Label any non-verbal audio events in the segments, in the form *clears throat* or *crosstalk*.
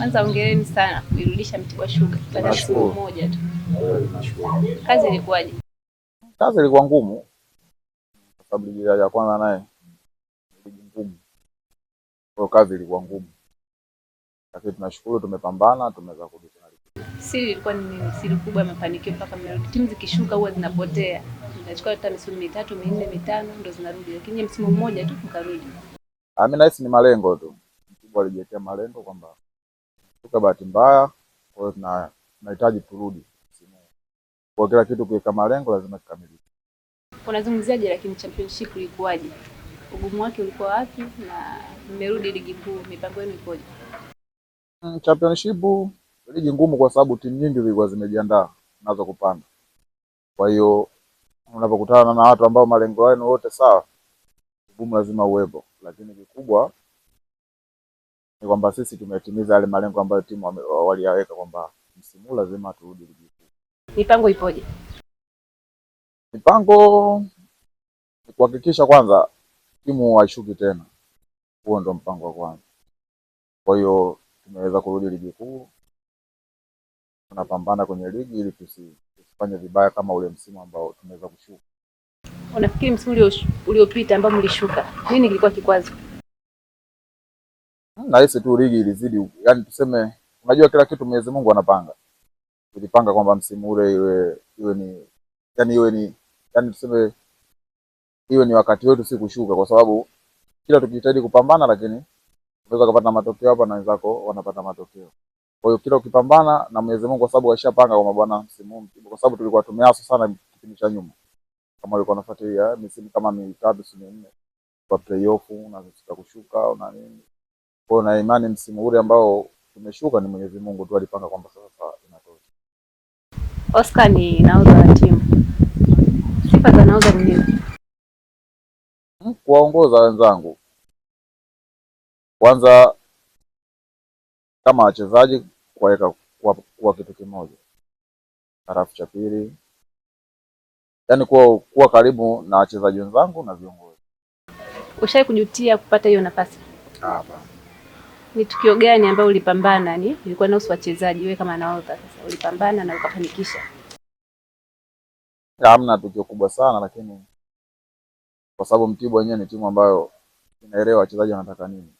Kwanza ongereni sana kuirudisha Mtibwa Sugar baada ya siku moja tu. Kazi ilikuwaje? Kazi ilikuwa ngumu, kwa sababu jira ya kwanza naye ngumu, kwa kazi ilikuwa ngumu, lakini tunashukuru tumepambana, tumeweza kurudi. Siri ilikuwa ni nini? Siri kubwa mafanikio mpaka mmerudi. Timu zikishuka huwa zinapotea, inachukua hata misimu mitatu minne mitano ndo zinarudi, lakini msimu mmoja tu mkarudi. Ah, mimi nahisi ni malengo tu, Mtibwa alijiwekea malengo kwamba tuka bahati mbaya, kwa hiyo tuna tunahitaji turudi msimu huu. Kwa kila kitu kuweka malengo lazima kikamilike. Unazungumziaje lakini championship ilikuwaje? Ugumu wake ulikuwa wapi na mmerudi ligi kuu mipango yenu ikoje? Mm, championship ligi ngumu kwa sababu timu nyingi zilikuwa zimejiandaa nazo kupanda. Kwa hiyo unapokutana na watu ambao malengo yao wote sawa, ugumu lazima uwepo, lakini kikubwa ni kwamba sisi tumetimiza yale malengo ambayo timu waliyaweka kwamba msimu lazima turudi ligi kuu. Mipango ipoje? Mipango ni kuhakikisha kwanza timu haishuki tena, huo ndo mpango wa kwanza. Kwa hiyo tumeweza kurudi ligi kuu, tunapambana kwenye ligi ili tusifanye vibaya kama ule msimu ambao tumeweza kushuka. Unafikiri msimu uliopita ambao mlishuka nini kilikuwa kikwazo? nahisi tu ligi ilizidi, yani tuseme, unajua kila kitu Mwenyezi Mungu anapanga. Tulipanga kwamba msimu ule iwe iwe ni yani iwe ni yani tuseme iwe ni wakati wetu si kushuka, kwa sababu kila tukijitahidi kupambana, lakini unaweza kupata matokeo hapa na wenzako wanapata matokeo. Kwa hiyo kila ukipambana na Mwenyezi Mungu, kwa sababu alishapanga kwamba bwana, msimu mpya, kwa sababu tulikuwa tumeaso sana kipindi cha nyuma, kama ulikuwa unafuatilia misimu kama mitatu si minne kwa playoff na kushuka na nini kwa na imani msimu ule ambao tumeshuka ni Mwenyezi Mungu tu alipanga kwamba sasa inatosha. Oscar ni nauza na timu. Sifa za ni nini? Hmm, kuwaongoza wenzangu. Kwanza kama wachezaji kuwaweka kuwa kitu kimoja. Halafu cha pili yaani kuwa, kuwa karibu na wachezaji wenzangu na viongozi. Ushawahi kujutia kupata hiyo nafasi? Hapana. Ni tukio gani ambayo ulipambana, ni ilikuwa na wachezaji, wewe kama nahodha sasa, ulipambana na ukafanikisha? Hamna tukio kubwa sana, lakini kwa sababu Mtibwa wenyewe ni timu ambayo inaelewa wachezaji wanataka nini,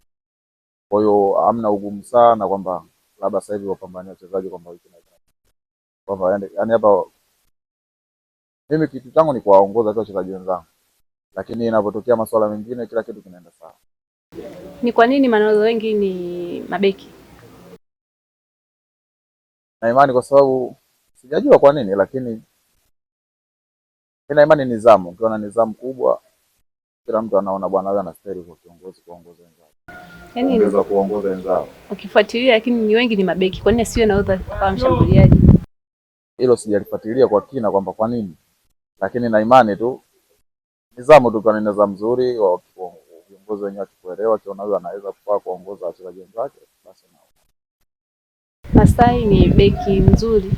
kwa hiyo hamna ugumu sana kwamba labda sasa hivi wapambania wachezaji kwamba kwamba yani yaani hapa mimi kitu changu ni kuwaongoza tu wachezaji wenzangu, lakini inapotokea masuala mengine kila kitu kinaenda sawa. Ni kwa nini manahodha wengi ni mabeki? Na imani kwa sababu sijajua kwa nini, lakini ina imani nizamu. Ukiwa na nizamu kubwa, kila mtu anaona bwana huyu anastahili kwa kiongozi kuongoza wenzao, yaani anaweza kuongoza wenzao ukifuatilia. Lakini ni wengi ni mabeki, kwa nini asiwe nahodha kama mshambuliaji? Hilo sijalifuatilia kwa kina kwamba kwa nini, lakini na imani tu nizamu tu, kwa nini nizamu nzuri viongozi wenyewe wakikuelewa, kiongozi anaweza kuwa kuongoza wachezaji wenzake. Basi na Masai ni beki nzuri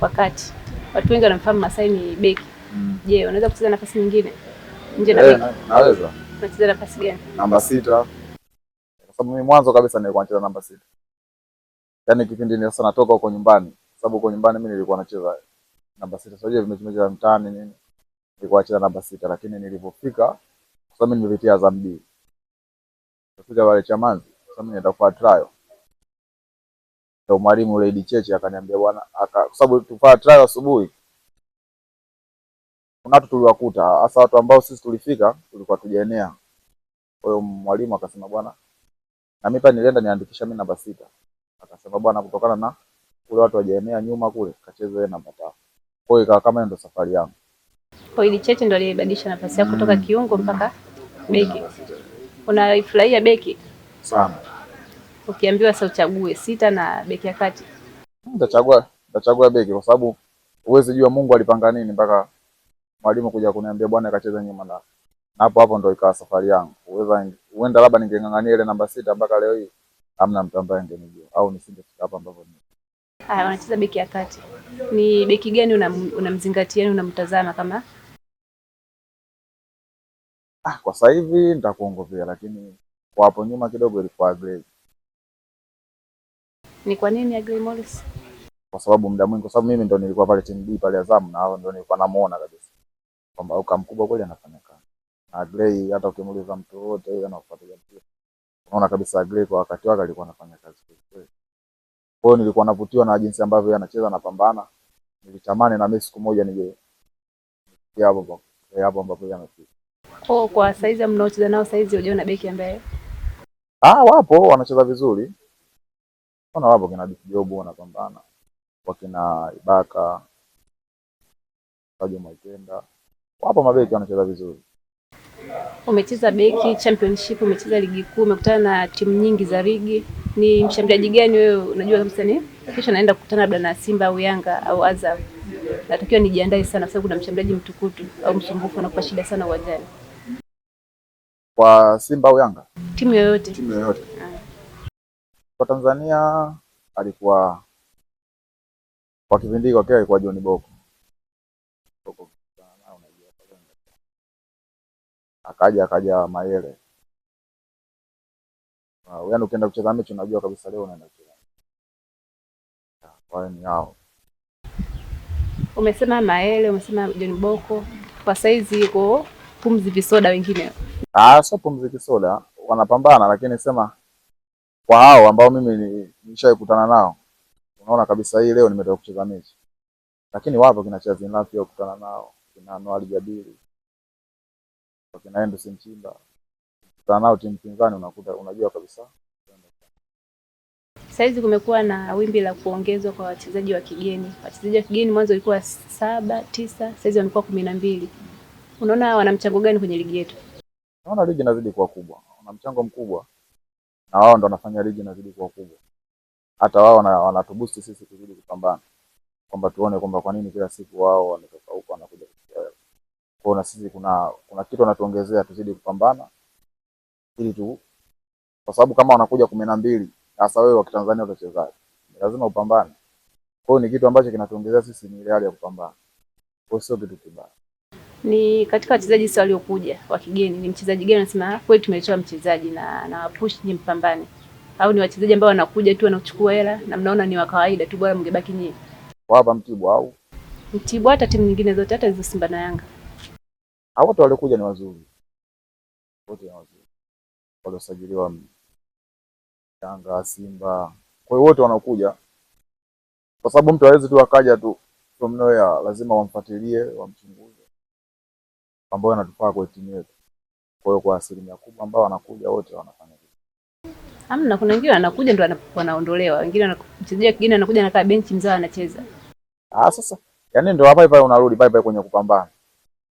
wakati watu wengi wanamfahamu Masai ni beki. Mm. Je, mm. unaweza kucheza nafasi nyingine nje na eh, beki? naweza. Unacheza nafasi gani? Namba sita, kwa sababu mimi mwanzo kabisa nilikuwa nacheza namba sita, yaani kipindi ni sasa natoka huko nyumbani, sababu huko nyumbani mimi nilikuwa nacheza namba sita, sio je vimecheza mtaani nini, nilikuwa nacheza namba sita, lakini nilipofika kwa sababu mimi nimepitia Azam B Nikafika pale Chamazi, sababu nenda kwa trial. Ndio mwalimu Lady Cheche akaniambia bwana, aka kwa sababu tufaa trial asubuhi. Kuna watu tuliwakuta, hasa watu ambao sisi tulifika tulikuwa tujaenea. Kwa hiyo mwalimu akasema bwana, na mimi pia nilienda niandikisha mimi namba sita. Akasema bwana, kutokana na kule watu wajaenea nyuma kule, kacheze yeye namba tatu. Kwa hiyo ikawa kama ndio safari yangu. Kwa hiyo Cheche ndio alibadilisha nafasi yako kutoka mm. kiungo mpaka beki. Unaifurahia beki sana? Ukiambiwa sasa uchague sita na beki ya kati, nitachagua nitachagua beki, kwa sababu huwezi jua Mungu alipanga nini mpaka mwalimu kuja kuniambia bwana akacheza nyuma, na hapo hapo ndo ikawa safari yangu. Uweza uenda labda ningeng'ang'ania ile namba sita mpaka leo hii hamna mtu ambaye angenijua au nisingefika hapa ambapo ni. Haya, wanacheza beki ya kati, ni beki gani unamzingatia, una unamtazama kama ah, kwa sasa hivi nitakuongozea, lakini kwa hapo nyuma kidogo ilikuwa Agrey. Ni kwa nini Agrey Morris? Kwa sababu muda mwingi, kwa sababu mimi ndo nilikuwa pale team B pale Azam, na hao ndo nilikuwa namuona kabisa kwamba uka mkubwa kweli anafanya kazi na Agrey. Hata ukimuuliza mtu wote yeye anafuatilia pia, unaona kabisa Agrey kwa wakati wake alikuwa anafanya kazi kweli. Kwa hiyo nilikuwa navutiwa na jinsi ambavyo yeye anacheza na pambana, nilitamani na mimi siku moja nije hapo hapo ambapo yeye amefika. Oh, kwa saizi mnaocheza nao saizi hujaona beki ambaye? Ah, wapo wanacheza vizuri. Ona wapo kina Jobu wanapambana. Wakina Ibaka, Kajo Maitenda. Wapo mabeki wanacheza vizuri. Umecheza beki championship, umecheza ligi kuu, umekutana na timu nyingi za ligi. Ni mshambuliaji gani wewe unajua kabisa ni? Kesho naenda kukutana labda na Simba au Yanga au Azam. Natakiwa nijiandae sana kwa sababu kuna mshambuliaji mtukutu au msumbufu anakuwa shida sana uwanjani. Kwa Simba au Yanga, timu yoyote, timu yoyote kwa Tanzania alikuwa kwa kipindi kwa kwake alikuwa John Boko. Akaja akaja Mayele. Uh, yaani ukienda kucheza mechi unajua kabisa leo unaenda kucheza. Kwa hiyo ni hao. Umesema Mayele, umesema John Boko. Kwa saizi iko pumzi visoda wengine Ah, sio pumziki soda, wanapambana lakini sema kwa hao ambao mimi nishaikutana nao, unaona kabisa hii leo nimetoka kucheza mechi, lakini wapo kina Chazi Nafi ukutana nao, kina Noali Jabiri, kina Endo Simchimba ukutana nao timu pinzani, unakuta unajua kabisa. Saizi kumekuwa na wimbi la kuongezwa kwa wachezaji wa kigeni. Wachezaji wa kigeni mwanzo walikuwa saba tisa, saizi wamekuwa kumi na mbili. Unaona wana mchango gani kwenye ligi yetu? naona ligi inazidi kuwa kubwa, wana mchango mkubwa na wao ndo wanafanya ligi inazidi kuwa kubwa. Hata wao wanatubusti sisi kuzidi kupambana, kwamba tuone kwamba kwa nini kila siku wao wametoka huko wanakuja kufikia wewe. Kwa na sisi kuna kuna kitu wanatuongezea, tuzidi kupambana ili tu, kwa sababu kama wanakuja kumi na mbili hasa wewe wa Kitanzania utachezaje? Ni lazima upambane. Kwa hiyo ni kitu ambacho kinatuongezea sisi ni ile hali ya kupambana, kwa sio kitu kibaya ni katika wachezaji sasa waliokuja wa kigeni, ni mchezaji gani anasema ah, kweli tumetoa mchezaji na na push ni mpambane, au ni wachezaji ambao wanakuja tu wanachukua hela na mnaona ni wa kawaida tu, bora mngebaki nyinyi hapa Mtibwa au Mtibwa, hata timu nyingine zote, hata hizo Simba na Yanga. au watu waliokuja ni wazuri wote, ni wazuri waliosajiliwa Yanga, Simba, kwa hiyo wote wanakuja kwa sababu mtu hawezi tu akaja tu from nowhere, lazima wamfuatilie, wamchunguze ambayo yanatufaa kwa timu yetu. Kwa hiyo kwa asilimia kubwa ambao wanakuja wote wanafanya hivyo. Hamna, kuna wengine wanakuja ndio wanaondolewa, wengine wanachezea kingine, anakuja anakaa benchi mzao anacheza. Ah, sasa yani ndio hapa hapa unarudi pale pale kwenye kupambana.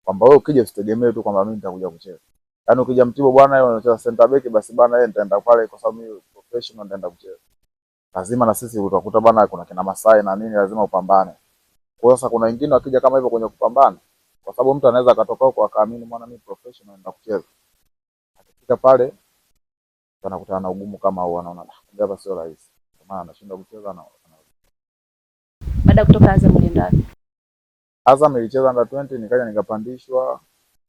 Kwamba wewe ukija usitegemee tu kwamba mimi nitakuja kucheza. Yani ukija Mtibwa bwana yeye anacheza center back basi bwana yeye nitaenda pale kwa sababu mimi professional nitaenda kucheza. Lazima na sisi utakuta bwana kuna kina Masai na nini lazima upambane. Kwa sasa kuna wengine wakija kama hivyo kwenye kupambana kwa sababu mtu anaweza akatoka huko akaamini mwana mimi professional nenda kucheza, akifika pale anakutana na ugumu kama huo, anaona ah, hapa sio rahisi, kwa maana anashindwa kucheza. Na baada ya kutoka Azam ulienda wapi? Azam ilicheza under 20 nikaja nikapandishwa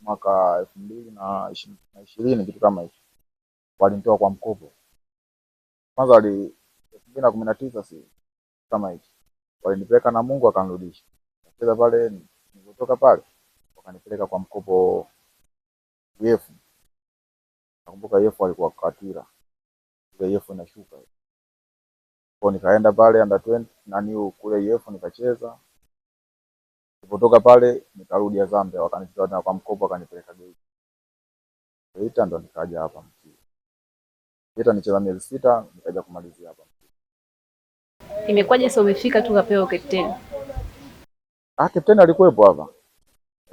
mwaka elfu mbili na ishirini kitu kama hicho, walinitoa kwa mkopo kwanza wali elfu mbili na kumi na tisa si kama hicho, walinipeleka na Mungu akanirudisha kucheza pale, nilipotoka pale wakanipeleka kwa mkopo yefu. Nakumbuka yefu alikuwa Katira, kule yefu inashuka kwa, nikaenda pale under 20 nani kule yefu nikacheza. Nilipotoka pale nikarudi ya Zambia, wakanichukua tena kwa mkopo, wakanipeleka Geita. Geita ndo nikaja hapa Mtibwa. Geita nicheza miezi sita, nikaja kumalizia hapa Mtibwa. Imekuwaje sasa umefika tu ukapewa captain? Ah, captain alikuwepo hapa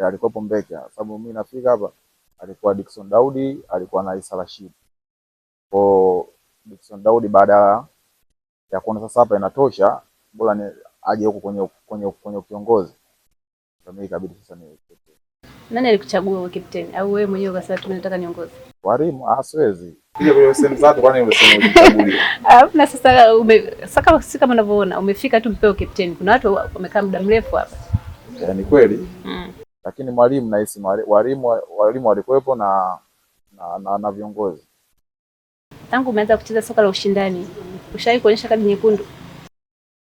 eh, alikuwepo Mbeka, ah, sababu mimi nafika hapa alikuwa Dickson Daudi, alikuwa na Isa Rashid. Kwa Dickson Daudi baada ya kuona sasa hapa inatosha, bora ni aje huko kwenye kwenye kwenye kiongozi. Kwa mimi ikabidi sasa ni nani alikuchagua wewe captain au wewe mwenyewe ukasema tunataka niongoze? Walimu, ah, siwezi. Kuja kwenye sehemu zako kwani umesema ujichagulie. *laughs* Ah, na sasa ah, ume saka si kama unavyoona, umefika tu mpeo captain. Kuna watu wamekaa muda mrefu hapa. Eh, ni kweli. Mm lakini mwalimu nahisi walimu walimu walikuwepo na na, na, na viongozi. Tangu umeanza kucheza soka la ushindani ushawahi kuonyesha kadi nyekundu?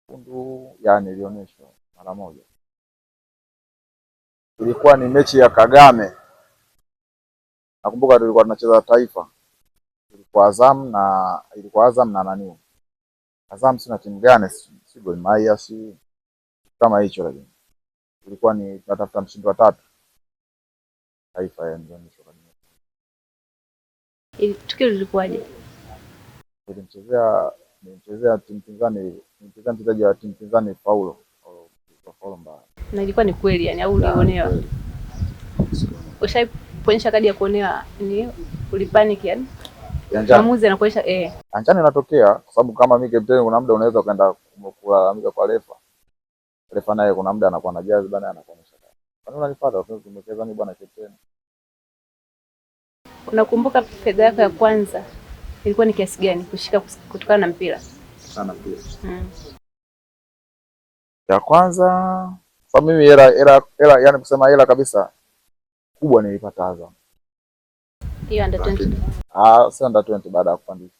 Nyekundu yani ilionyeshwa mara moja, ilikuwa ni mechi ya Kagame. Nakumbuka tulikuwa tunacheza Taifa, ilikuwa Azam na ilikuwa Azam na nani Azam, sina timu gani, si Gor Mahia, si kama hicho lakini ilikuwa ni tunatafuta mshindi wa tatu taifa ya mwisho kabisa. Ili tukio lilikuwaje? Nilimchezea nilimchezea timu pinzani, nilimchezea mchezaji wa timu pinzani Paulo Paulo mbaya. Na ilikuwa ni kweli yani au ulionewa? Ushaiponyesha kadi ya kuonewa ni ulipanic yani? Maamuzi anakuonyesha eh. Anjani inatokea kwa sababu kama mimi captain, kuna muda unaweza ukaenda kulalamika kwa refa refa naye kuna muda anakuwa na jazz bana, anakuwa na shaka. Kwani unanifuata? Tumecheza ni bwana chepeni. Unakumbuka fedha yako ya kwanza ilikuwa ni kiasi gani kushika kutokana na mpira? Sana pia. Mm. Ya kwanza kwa mimi hela hela hela, yani kusema hela kabisa kubwa nilipata Azam. Hiyo under 20. Ah, si under 20 baada ya kupandisha.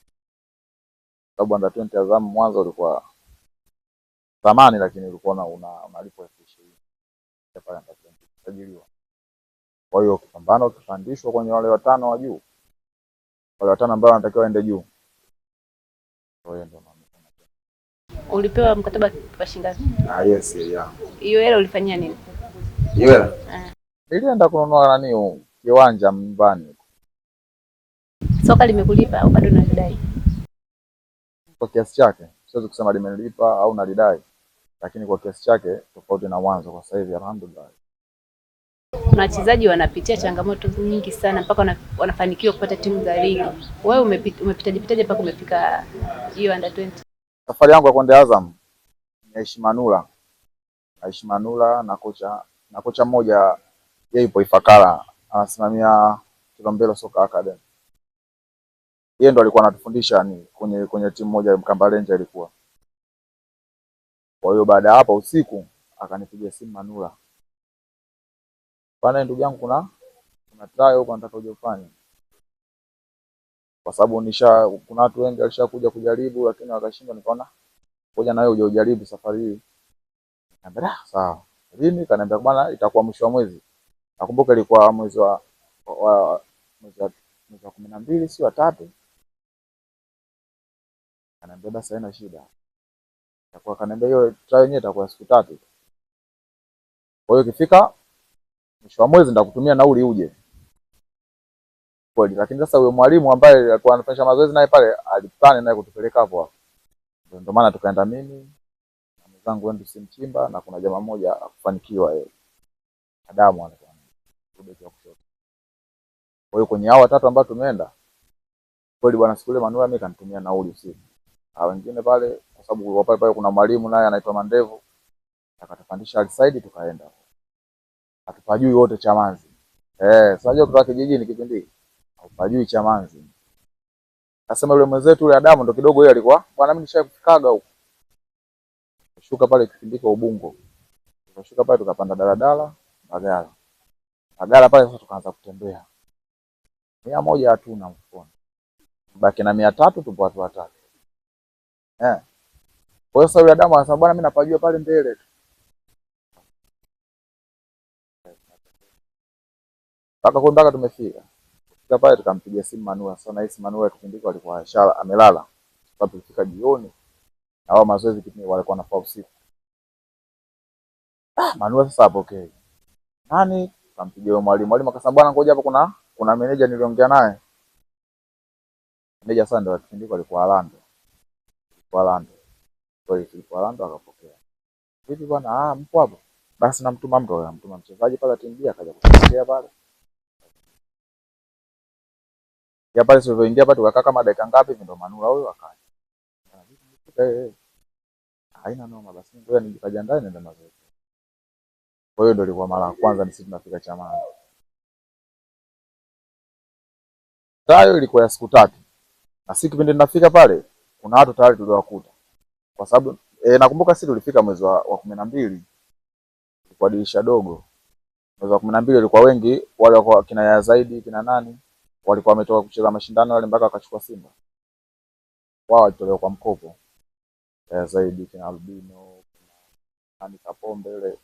Sababu under 20 Azam mwanzo ulikuwa thamani, lakini ulikuwa una malipo ya ishirini pale ambapo unasajiliwa. Kwa hiyo ukipambana, ukipandishwa kwenye wale watano wa juu, wale watano ambao wanatakiwa waende juu, ndio ndio. Ulipewa mkataba kwa shilingi Ah, yes, yeah. Hiyo hela ulifanyia nini? Hiyo hela. Ah. Nilienda kununua nani kiwanja mbani. Soka limekulipa au bado unalidai? Kwa kiasi chake, siwezi kusema limenilipa au nalidai lakini kwa kiasi chake tofauti na mwanzo. Kwa sasa hivi alhamdulillah, wachezaji wanapitia changamoto nyingi sana mpaka wanafanikiwa kupata timu za ligi. Wewe umepitajipitaje mpaka umefika hiyo under 20? Safari yangu ya kwenda Azam ni Aishi Manula, Aishi Manula na kocha na kocha mmoja yeye yupo Ifakara, anasimamia Kilombero Soka Academy. Yeye ndo alikuwa anatufundisha ni kwenye kwenye timu moja ya ilikuwa kwa hiyo baada ya hapo usiku akanipigia simu Manula, Bana, ndugu yangu, kuna kuna trial huko nataka uje ufanye, kwa sababu nisha kuna watu wengi walishakuja kujaribu lakini wakashindwa, nikaona ngoja na wewe uje ujaribu safari hii. Nikamwambia ah, sawa. Lini? Kaniambia bwana, itakuwa mwisho wa mwezi. Nakumbuka ilikuwa mwezi wa mwezi wa mwezi wa kumi na mbili si wa tatu. Anaambia basi haina shida. Kwa kanaambia hiyo trial yenyewe itakuwa siku tatu. Kwa hiyo ikifika mwisho wa mwezi nitakutumia nauli uje. Kweli, lakini sasa huyo mwalimu ambaye alikuwa anafanya mazoezi naye pale alipani naye kutupeleka hapo hapo. Ndio maana tukaenda mimi na mzangu wangu si Mchimba na kuna jamaa mmoja akufanikiwa yeye. Adamu anakuwa kubeki wa kushoto. Kwa hiyo kwenye hao watatu ambao tumeenda kweli bwana, siku ile Manuel mimi kanitumia nauli usiku. Ah, wengine pale kwa sababu kulikuwa pale pale kuna mwalimu naye anaitwa Mandevu akatupandisha alisaidi tukaenda. Hatupajui wote Chamanzi. Eh, sasa unajua kutoka kijijini kipindi. Hatupajui Chamanzi. Akasema yule mwenzetu yule Adamu ndo kidogo yeye alikuwa bwana, mimi nishakufikaga huko. Kushuka pale kipindiko Ubungo. Tukashuka pale tukapanda daladala Bagala. Bagala pale sasa tukaanza kutembea. Mia moja hatuna mfukoni. Baki na mia tatu tupo watu watatu. Eh. Yeah. Kwa hiyo sasa yule Adamu anasema bwana, mimi napajua pale mbele tu, mpaka kwa mpaka tumefika kufika pale, tukampigia simu Manua. Sasa nahisi Manua tukindiko alikuwa inshallah amelala, kwa tulifika jioni na wao mazoezi kipindi walikuwa na wanafaa usiku. Ah, Manua sasa hapo okay. nani, tukampigia mwalimu. Mwalimu akasema bwana, ngoja hapo, kuna kuna meneja niliongea naye meneja. Sasa ndio kipindi alikuwa alando alando kweli tulipo Orlando akapokea. Vipi bwana, ah, mpo hapo? Basi namtuma mtu, namtuma mchezaji pale timu B akaja kutokea pale. Ya pale sio ingia pale tukakaa kama dakika ngapi hivi ndo Manula huyo akaja. Eh. eh, eh. Haina noma basi ngoja ndani nenda mazoezi. Kwa hiyo ndo ilikuwa mara ya kwanza nisi tunafika Chamani. Tayo ilikuwa ya siku tatu. Na siku kipindi ninafika pale kuna watu tayari tuliwakuta kwa sababu e, nakumbuka sisi tulifika mwezi wa, wa kumi na mbili kwa dirisha dogo. Mwezi wa kumi na mbili walikuwa wengi wale walikuwa kina ya zaidi kina nani walikuwa wametoka kucheza mashindano wale mpaka wakachukua Simba, wao walitolewa kwa mkopo ya zaidi kina Albino kina nani Kapombe ile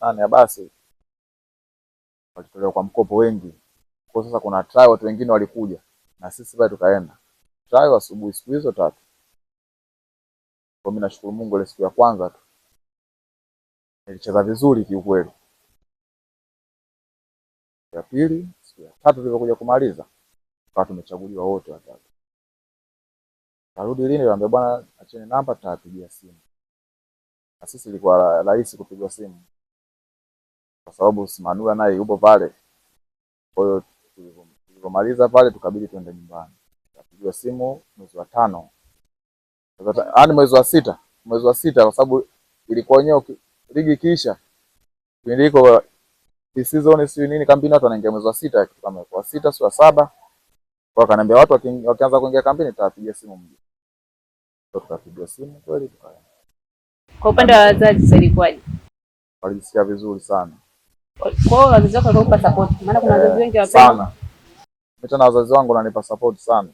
nani ya basi walitolewa kwa mkopo wengi. Kwa sasa kuna try watu wengine walikuja na sisi pale tukaenda try asubuhi siku hizo tatu kwa mimi nashukuru Mungu, ile siku ya kwanza tu nilicheza vizuri kiukweli. Ya pili, siku ya tatu tulivyokuja kumaliza kwa tumechaguliwa wote watatu. Karudi lini, Niambia bwana, acheni namba, tutapigia simu. Na sisi ilikuwa rahisi kupigwa simu kwa sababu Simanua naye yupo pale. Kwa hiyo tulivyomaliza pale, tukabidi tuende nyumbani, tukapigiwa simu mwezi wa tano yaani mwezi wa sita, mwezi wa sita, kwa sababu ilikuwa wenyewe ligi ikiisha kipindi hiko season si nini kambini, watu wanaingia mwezi wa sita, kama kwa sita sio saba, kwa kanaambia watu wakianza kuingia kambini tutapiga simu mjini, tutapiga simu kweli. Kwa upande wa wazazi sasa ilikuwaje? Walijisikia vizuri sana kwao, wazazi wako walikupa support, maana kuna wazazi eh, wengi wapenda sana. Mimi tena wazazi wangu wananipa support sana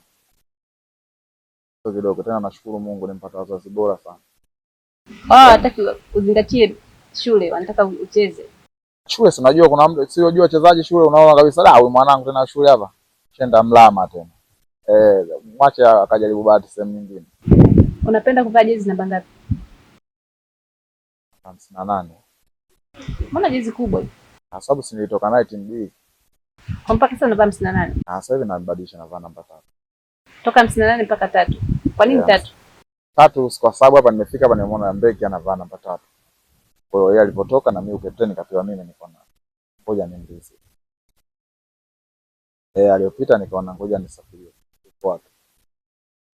sio kidogo tena. Nashukuru Mungu nimepata wazazi bora sana. Ah, hataki uzingatie shule, wanataka ucheze shule. Si unajua kuna mtu si unajua wachezaji shule, unaona kabisa da, huyu mwanangu tena shule hapa shenda mlama tena eh, mwache akajaribu bahati sehemu nyingine. Unapenda kuvaa jezi namba ngapi? hamsini na nane. Mbona jezi kubwa? Kwa sababu si nilitoka naye timu B. Kwa mpaka sasa unavaa hamsini na nane. Ah, sasa hivi nabadilisha navaa namba tatu. Toka hamsini na nane mpaka tatu. Kwa nini tatu? Tatu kwa sababu hapa nimefika hapa nimeona Mbeki anavaa namba tatu. Kwa hiyo yeye alipotoka na mimi uketeni nikapewa mimi niko na. Ngoja mbizi. Eh, aliyopita nikaona ngoja nisafirie. Fuata.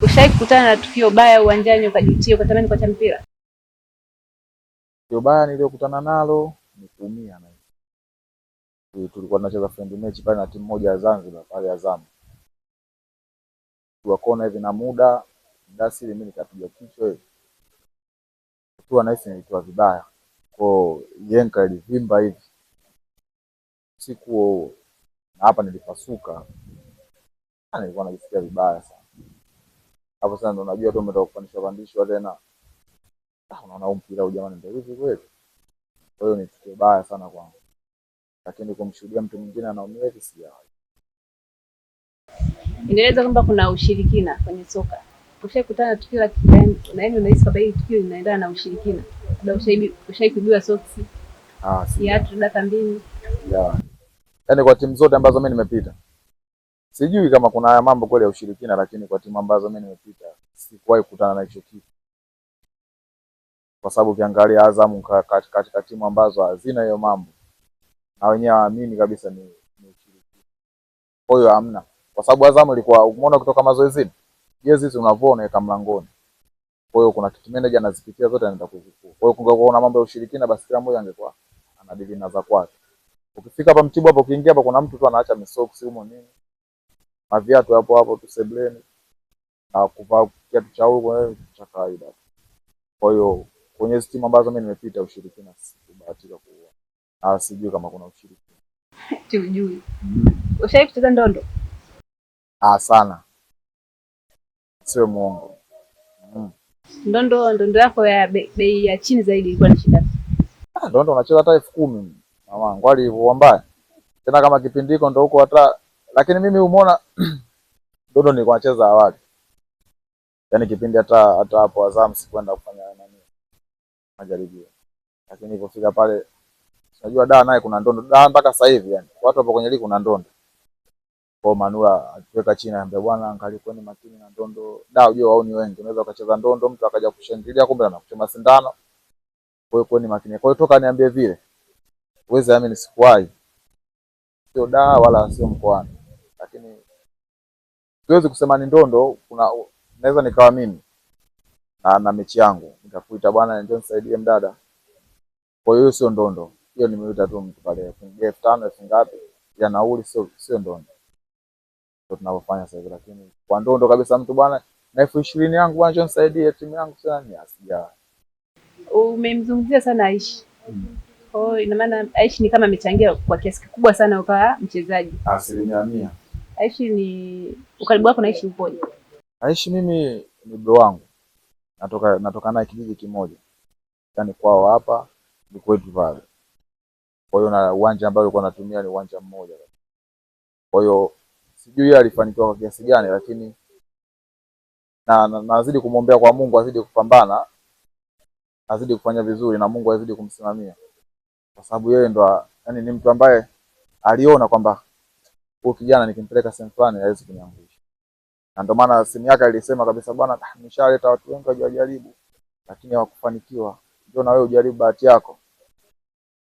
Ushai kukutana na tukio baya uwanjani ukajutia ukatamani kuacha mpira? Tukio baya niliyokutana nalo ni kuumia na tulikuwa tunacheza friendly match pale na timu moja ya Zanzibar pale Azam. Tuwa kona hivi na muda dasili mimi nikapiga kichwa hivi na hisi nilitoa vibaya kwao, yenka ilivimba hivi siku huo, na hapa nilipasuka, nilikuwa najisikia vibaya sana hapo. Sasa ndo unajua tu umetoka kupandishwa pandishwa tena, ah, unaona huu mpira huu jamani, ndio hivi kweli. Kwa hiyo ni tukio baya sana kwangu, lakini kumshuhudia mtu mwingine anaumia hivi sijawahi. Inaeleza kwamba kuna ushirikina kwenye soka ushaikutana na tukio la yaani, unahisi kwamba hii tukio inaendana na ushirikina, labda ushaikubiwa soksi, ah, kiatu, daka mbili, yaani kwa timu zote ambazo mimi nimepita sijui kama kuna haya mambo kweli ya ushirikina, lakini kwa timu ambazo mimi nimepita sikuwahi kukutana na hicho kitu, kwa sababu ukiangalia Azamu katika timu ambazo hazina hiyo mambo na wenyewe waamini kabisa ni, ni ushirikina. Kwa hiyo hamna, kwa sababu Azamu ilikuwa umeona kutoka mazoezini Jezi hizi unavua unaweka mlangoni. Kwa hiyo kuna kitu manager anazipitia zote anaenda kuzifua. Kwa hiyo kungekuwa kuna mambo ya ushirikina basi kila mmoja angekuwa ana deal na za kwake. Ukifika hapa Mtibwa hapo ukiingia hapa kuna mtu tu anaacha misoksi humo nini. Na viatu hapo hapo tu sebleni. Na kuvaa kiatu cha huko cha kawaida. Kwa hiyo kwenye hizo timu ambazo mimi nimepita ushirikina sikubahatika kuwa. na sijui kama kuna ushirikina. Tujui. *laughs* Mm. Ushawahi kucheza ndondo? Ah, sana sio muongo mm. Ndondo, ndondo yako ya bei ya chini zaidi ilikuwa ni shida. Ah, ndondo unacheza hata elfu kumi mama ngwali hivyo mbaya tena, kama kipindi hiko ndo huko hata, lakini mimi umeona *clears throat* ndondo nilikuwa nacheza awali, yaani kipindi hata hata hapo Azam sikwenda kufanya nani majaribio, lakini ilipofika pale, unajua da naye kuna ndondo da mpaka sasa hivi, yani watu hapo kwenye ligi kuna ndondo kwa Manula akiweka chini anambia bwana, angalia kwani makini na ndondo. Da, unajua wao ni wengi, unaweza ukacheza ndondo mtu akaja kushangilia, kumbe anakuchoma sindano. Kwa hiyo kweni makini. Kwa hiyo toka niambie vile uweze, nami nisikuwahi, sio da wala sio mkoani, lakini siwezi kusema ni ndondo. Kuna naweza nikawa mimi na, na mechi yangu nikakuita bwana, njoo nisaidie mdada. Kwa hiyo sio ndondo hiyo, nimeita tu mtu pale elfu tano ngapi ya nauli, sio sio ndondo ndo tunavyofanya sasa hivi, lakini kwa ndondo kabisa mtu bwana, na elfu ishirini yangu bwana, nisaidie timu yangu sana, ni asija. Umemzungumzia sana Aishi mm. Oh, ina maana Aishi ni kama amechangia kwa kiasi kikubwa sana ukawa mchezaji asilimia mia. Aishi ni ukaribu wako na Aishi upoje? Aishi mimi ni bro wangu, natoka natoka naye kijiji kimoja, yani kwao hapa ni kwetu pale. Kwa hiyo na uwanja ambao alikuwa natumia ni uwanja mmoja, kwa hiyo sijui alifanikiwa kwa kiasi gani, lakini na nazidi na kumwombea kwa Mungu azidi kupambana, azidi kufanya vizuri na Mungu azidi kumsimamia, kwa sababu yeye ndo yani ni mtu ambaye aliona kwamba huyu kijana nikimpeleka sehemu fulani hawezi kuniangusha, na ndio maana simu yake alisema kabisa, bwana, ah, nishaleta watu wengi wajaribu, lakini hawakufanikiwa, ndio na wewe ujaribu bahati yako.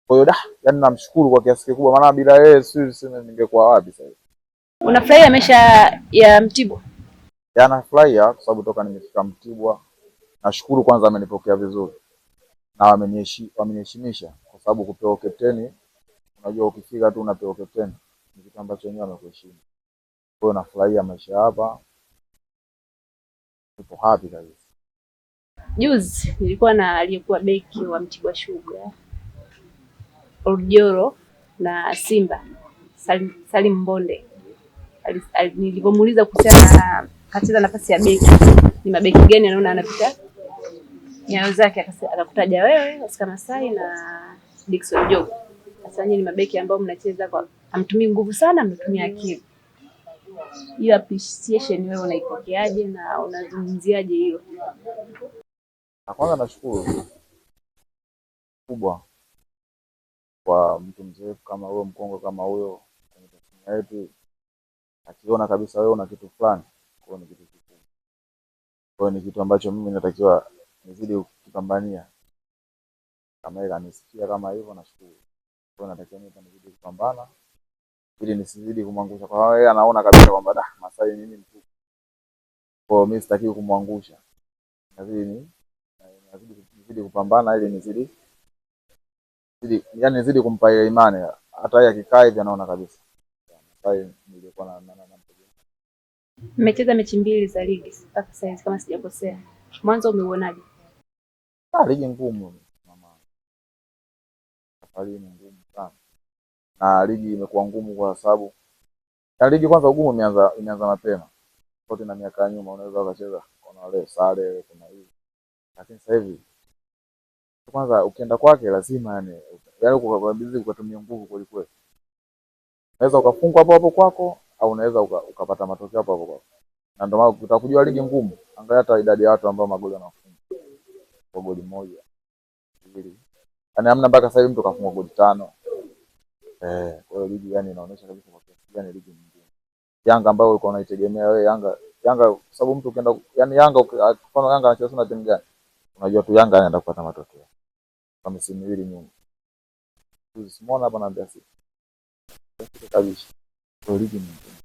Kwa hiyo da, ah, yani namshukuru kwa kiasi kikubwa, maana bila yeye sisi ningekuwa wapi sasa Unafurahia maisha ya Mtibwa? Yanafurahia kwa sababu toka nimefika Mtibwa, nashukuru kwanza, amenipokea vizuri na wameniheshimisha, kwa sababu kupewa captain, unajua ukifika tu unapewa captain ni kitu ambacho wenyewe wamekuheshimu. Kwa hiyo nafurahia maisha hapa, nipo happy kabisa. Juzi nilikuwa na aliyekuwa beki wa Mtibwa Sugar Oljoro na Simba Salim, Salim Mbonde nilivyomuuliza kuhusiana na kacheza nafasi ya beki, ni mabeki gani anaona anapita nyayo zake, akakutaja wewe Oscar Masai na Dickson Job. Sasa nyinyi ni mabeki ambao mnacheza kwa hamtumii nguvu sana, mnatumia akili. Hiyo appreciation wewe unaipokeaje na unazungumziaje hiyo? Kwanza nashukuru kubwa kwa mtu mzee kama huyo, mkongwe kama huyo kwenye timu yetu akiona kabisa wewe una kitu fulani, kwa ni kitu kikubwa. Kwa ni kitu ambacho mimi natakiwa nizidi kukipambania. Kama ile anisikia kama hivyo, nashukuru. Kwa hiyo natakiwa mimi nizidi kupambana ili nisizidi kumwangusha, kwa hiyo yeye anaona kabisa kwamba da Masai mimi mtu, kwa hiyo mimi sitaki kumwangusha, lazima nizidi kupambana ili nizidi nizidi, yani nizidi kumpa ile imani. Hata yeye akikaa hivi anaona kabisa ambayo nilikuwa na maana na mtegemea. Mmecheza mechi mbili za ligi mpaka sasa kama sijakosea. Mwanzo umeuonaje? Ah, ligi ngumu mama. Safari ni ngumu sana. Na ligi imekuwa ngumu kwa sababu na ligi kwanza ugumu imeanza imeanza mapema. Tofauti na miaka ya nyuma unaweza ukacheza kuna wale sare kuna hivi. Lakini sasa hivi kwanza ukienda kwake lazima yani yani ukatumia nguvu kweli kweli. Unaweza ukafungwa hapo hapo kwako au unaweza uka, ukapata matokeo hapo hapo kwako. Na ndio maana utakujua ligi ngumu. Angalia hata idadi ya watu ambao magoli wanafunga. Kwa goli moja. Mbili. Yaani hamna mpaka sasa hivi mtu kafunga goli tano. Eh, kwa hiyo ligi yani inaonyesha kabisa kwa kiasi gani ligi ngumu. Yanga ambayo ulikuwa unaitegemea wewe Yanga, Yanga sababu mtu ukienda yani Yanga ah, kwa mfano Yanga anacheza na timu gani? Unajua tu Yanga anaenda kupata matokeo. kwa si miwili nyuma. Tusimuona hapa na sisi 따지시. 버리겠는데.